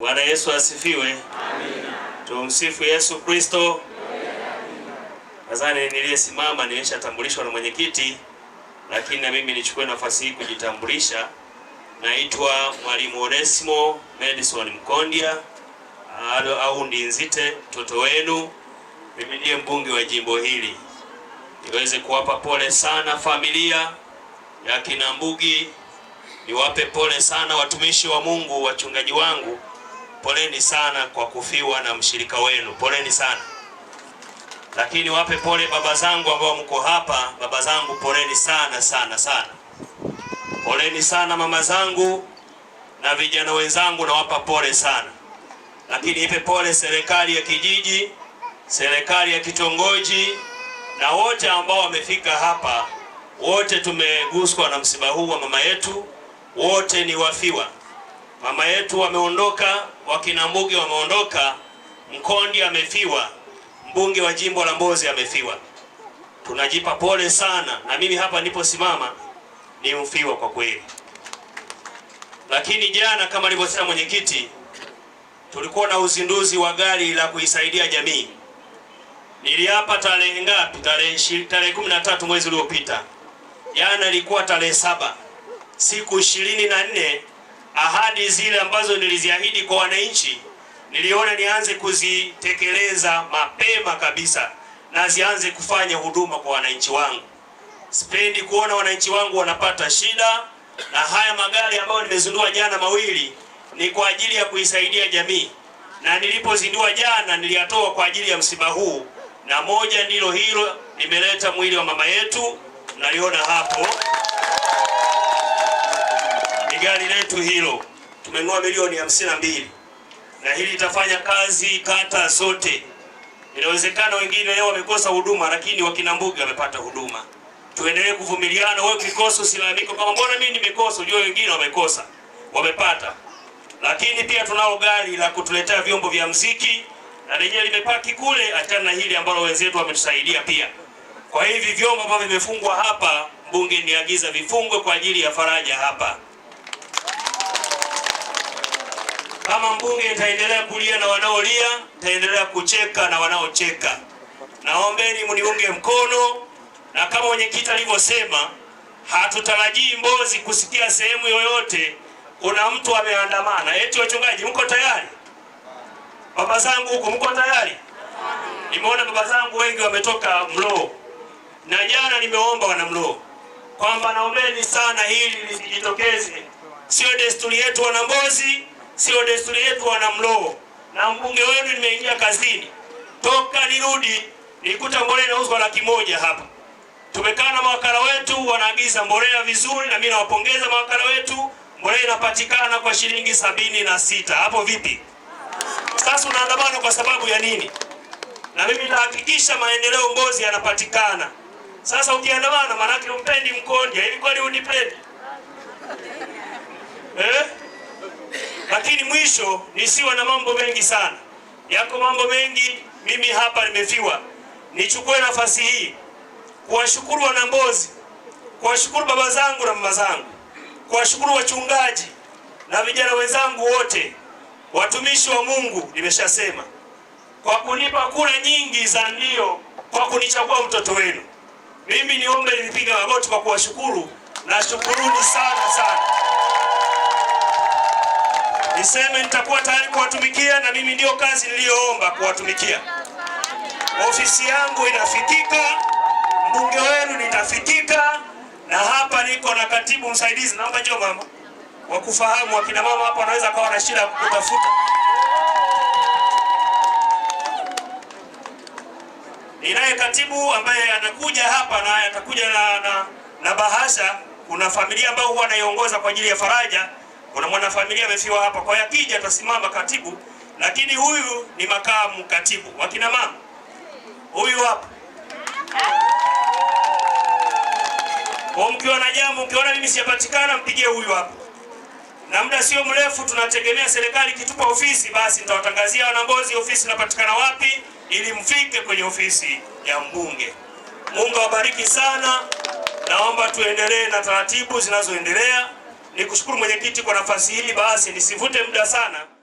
Bwana Yesu asifiwe. Amina. Tumsifu Yesu Kristo. Nadhani niliyesimama nimeshatambulishwa na mwenyekiti, lakini na mimi nichukue nafasi hii kujitambulisha. Naitwa Mwalimu onesimo Madison alo, au Ndinzite, mtoto wenu. Mimi ndiye mbunge wa jimbo hili. Niweze kuwapa pole sana familia ya Kinambugi, niwape pole sana watumishi wa Mungu, wachungaji wangu poleni sana kwa kufiwa na mshirika wenu, poleni sana lakini wape pole baba zangu ambao mko hapa. Baba zangu poleni sana sana sana, poleni sana mama zangu na vijana wenzangu, nawapa pole sana. Lakini ipe pole serikali ya kijiji, serikali ya kitongoji na wote ambao wamefika hapa. Wote tumeguswa na msiba huu wa mama yetu, wote ni wafiwa mama yetu wameondoka, wakina Mbuge wameondoka, Mkondi amefiwa, mbunge wa jimbo la Mbozi amefiwa. Tunajipa pole sana, na mimi hapa niliposimama ni mfiwa kwa kweli. Lakini jana kama alivyosema mwenyekiti, tulikuwa na uzinduzi wa gari la kuisaidia jamii. Niliapa tarehe ngapi? Tarehe tarehe kumi na tatu mwezi uliopita. Jana ilikuwa tarehe saba, siku ishirini na nne ahadi zile ambazo niliziahidi kwa wananchi, niliona nianze kuzitekeleza mapema kabisa na zianze kufanya huduma kwa wananchi wangu. Sipendi kuona wananchi wangu wanapata shida, na haya magari ambayo nimezindua jana mawili ni kwa ajili ya kuisaidia jamii, na nilipozindua jana niliyatoa kwa ajili ya msiba huu, na moja ndilo hilo, nimeleta mwili wa mama yetu, naliona hapo gari letu hilo, tumenunua milioni hamsini na mbili na hili litafanya kazi kata zote. Inawezekana wengine leo wamekosa huduma, lakini wakina Mbuge wamepata huduma. Tuendelee kuvumiliana, wewe ukikosa usilalamike kama mbona mimi nimekosa. ujue wengine wamekosa, wamepata. Lakini pia tunao gari la kutuletea vyombo vya mziki na lenyewe limepaki kule, achana na hili ambalo wenzetu wametusaidia pia. Kwa hivi vyombo ambavyo vimefungwa hapa, mbunge niagiza vifungwe kwa ajili ya faraja hapa. Kama mbunge nitaendelea kulia na wanaolia, nitaendelea kucheka na wanaocheka. Naombeni mniunge mkono, na kama mwenyekiti alivyosema, hatutarajii Mbozi kusikia sehemu yoyote kuna mtu ameandamana. Eti wachungaji, mko tayari? Baba zangu huko mko tayari? Nimeona baba zangu wengi wametoka Mloo, na jana nimeomba wana Mloo kwamba naombeni sana hili lisijitokeze, sio desturi yetu wana Mbozi. Sio desturi yetu wanamloo. Na mbunge wenu nimeingia kazini, toka nirudi nikuta mbolea inauzwa laki moja hapa. Tumekaa na mawakala wetu wanaagiza mbolea vizuri, na mimi nawapongeza mawakala wetu, mbolea inapatikana kwa shilingi sabini na sita. Hapo vipi? Sasa unaandamana kwa sababu ya nini? Na mimi nitahakikisha maendeleo Mbozi yanapatikana. Sasa ukiandamana, maanake umpendi Mkondia, ili kweli unipendi eh? lakini mwisho nisiwe na mambo mengi sana. Yako mambo mengi, mimi hapa nimefiwa. Nichukue nafasi hii kuwashukuru Wanambozi, kuwashukuru baba zangu na mama zangu, kuwashukuru wachungaji na vijana wenzangu wote, watumishi wa Mungu, nimeshasema kwa kunipa kura nyingi za ndio, kwa kunichagua mtoto wenu. Mimi niombe, nilipiga magoti kwa na shukuruni sana sana niseme nitakuwa tayari kuwatumikia, na mimi ndiyo kazi niliyoomba kuwatumikia. Ofisi yangu inafikika, mbunge wenu nitafikika, na hapa niko na katibu msaidizi. Naomba njoo mama, wakufahamu akina mama hapa wanaweza kawa na shida ya kutafuta. Ninaye katibu ambaye anakuja hapa na atakuja na, na, na bahasha. Kuna familia ambayo huwa anaiongoza kwa ajili ya faraja kuna mwanafamilia amefiwa hapa, kwa yakija atasimama katibu, lakini huyu ni makamu katibu. Wakina mama, huyu hapa kwa, mkiwa na jambo, mkiona mimi sijapatikana, mpigie huyu hapa, na muda sio mrefu tunategemea serikali kitupa ofisi, basi nitawatangazia wanambozi ofisi inapatikana wapi, ili mfike kwenye ofisi ya mbunge. Mungu awabariki sana. Naomba tuendelee na taratibu zinazoendelea. Nikushukuru mwenyekiti kwa nafasi hii, basi nisivute muda sana.